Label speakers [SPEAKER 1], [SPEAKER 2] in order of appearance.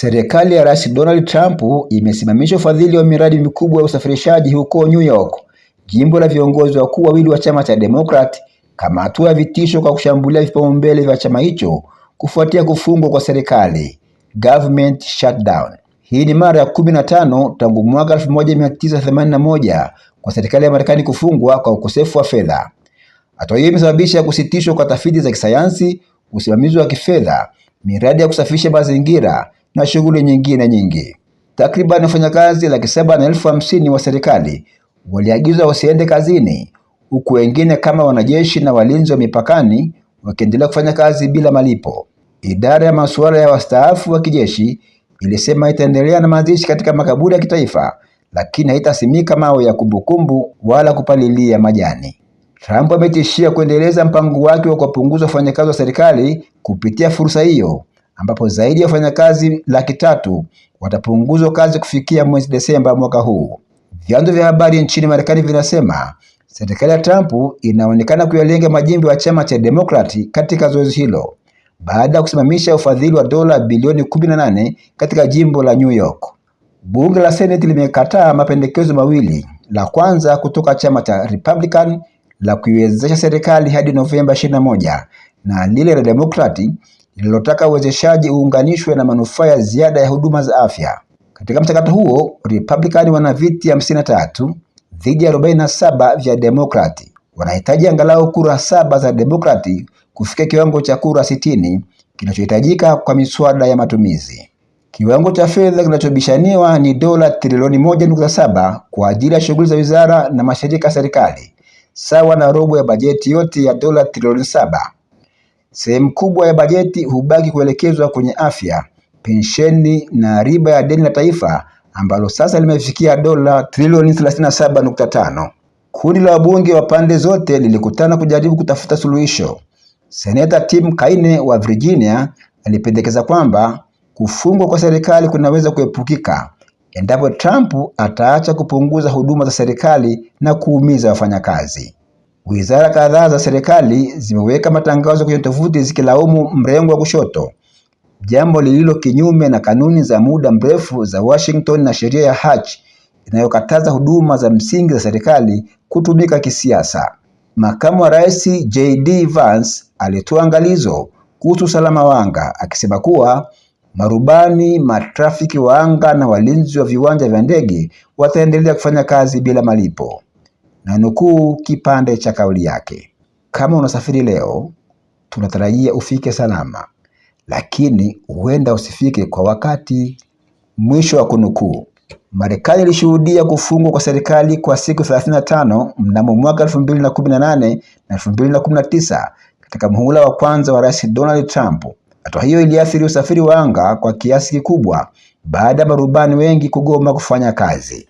[SPEAKER 1] Serikali ya Rais Donald Trump imesimamisha ufadhili wa miradi mikubwa ya usafirishaji huko New York, jimbo la viongozi wakuu wawili wa chama cha Democrat, kama hatua ya vitisho kwa kushambulia vipaumbele vya chama hicho kufuatia kufungwa kwa serikali, government shutdown. Hii ni mara ya kumi na tano tangu mwaka 1981 kwa serikali ya Marekani kufungwa kwa ukosefu wa fedha. Hatua hiyo imesababisha kusitishwa kwa tafiti za kisayansi, usimamizi wa kifedha, miradi ya kusafisha mazingira na shughuli nyingine nyingi. Takriban wafanyakazi laki saba na elfu hamsini wa serikali waliagizwa wasiende kazini, huku wengine kama wanajeshi na walinzi wa mipakani wakiendelea kufanya kazi bila malipo. Idara ya masuala ya wastaafu wa kijeshi ilisema itaendelea na mazishi katika makaburi ya kitaifa, lakini haitasimika mawe ya kumbukumbu wala kupalilia majani. Trump ametishia kuendeleza mpango wake wa kuwapunguza wafanyakazi wa serikali kupitia fursa hiyo ambapo zaidi ya wafanyakazi laki tatu watapunguzwa kazi kufikia mwezi Desemba mwaka huu. Vyanzo vya habari nchini Marekani vinasema serikali ya Trump inaonekana kuyalenga majimbo ya chama cha Demokrati katika zoezi hilo baada ya kusimamisha ufadhili wa dola bilioni 18 katika jimbo la New York. Bunge la Seneti limekataa mapendekezo mawili, la kwanza kutoka chama cha Republican la kuiwezesha serikali hadi Novemba 21 na lile la Demokrati lililotaka uwezeshaji uunganishwe na manufaa ya ziada ya huduma za afya. Katika mchakato huo, Republican wana viti 53 dhidi ya 47 vya Demokrati. Wanahitaji angalau kura saba za Demokrati kufikia kiwango cha kura sitini kinachohitajika kwa miswada ya matumizi. Kiwango cha fedha kinachobishaniwa ni dola trilioni moja nukta saba kwa ajili ya shughuli za wizara na mashirika ya serikali, sawa na robo ya bajeti yote ya dola trilioni saba. Sehemu kubwa ya bajeti hubaki kuelekezwa kwenye afya, pensheni na riba ya deni la taifa ambalo sasa limefikia dola trilioni 37.5. Kundi la wabunge wa pande zote lilikutana kujaribu kutafuta suluhisho. Seneta Tim Kaine wa Virginia alipendekeza kwamba kufungwa kwa serikali kunaweza kuepukika endapo Trump ataacha kupunguza huduma za serikali na kuumiza wafanyakazi. Wizara kadhaa za serikali zimeweka matangazo kwenye tovuti zikilaumu mrengo wa kushoto, jambo lililo kinyume na kanuni za muda mrefu za Washington na sheria ya Hatch inayokataza huduma za msingi za serikali kutumika kisiasa. Makamu wa Rais JD Vance alitoa angalizo kuhusu usalama wa anga akisema kuwa marubani, matrafiki wa anga na walinzi wa viwanja vya ndege wataendelea kufanya kazi bila malipo na nukuu kipande cha kauli yake: kama unasafiri leo, tunatarajia ufike salama, lakini huenda usifike kwa wakati. Mwisho wa kunukuu. Marekani ilishuhudia kufungwa kwa serikali kwa siku 35 mnamo mwaka 2018 na 2019 katika muhula wa kwanza wa Rais Donald Trump. Hatua hiyo iliathiri usafiri wa anga kwa kiasi kikubwa baada ya marubani wengi kugoma kufanya kazi.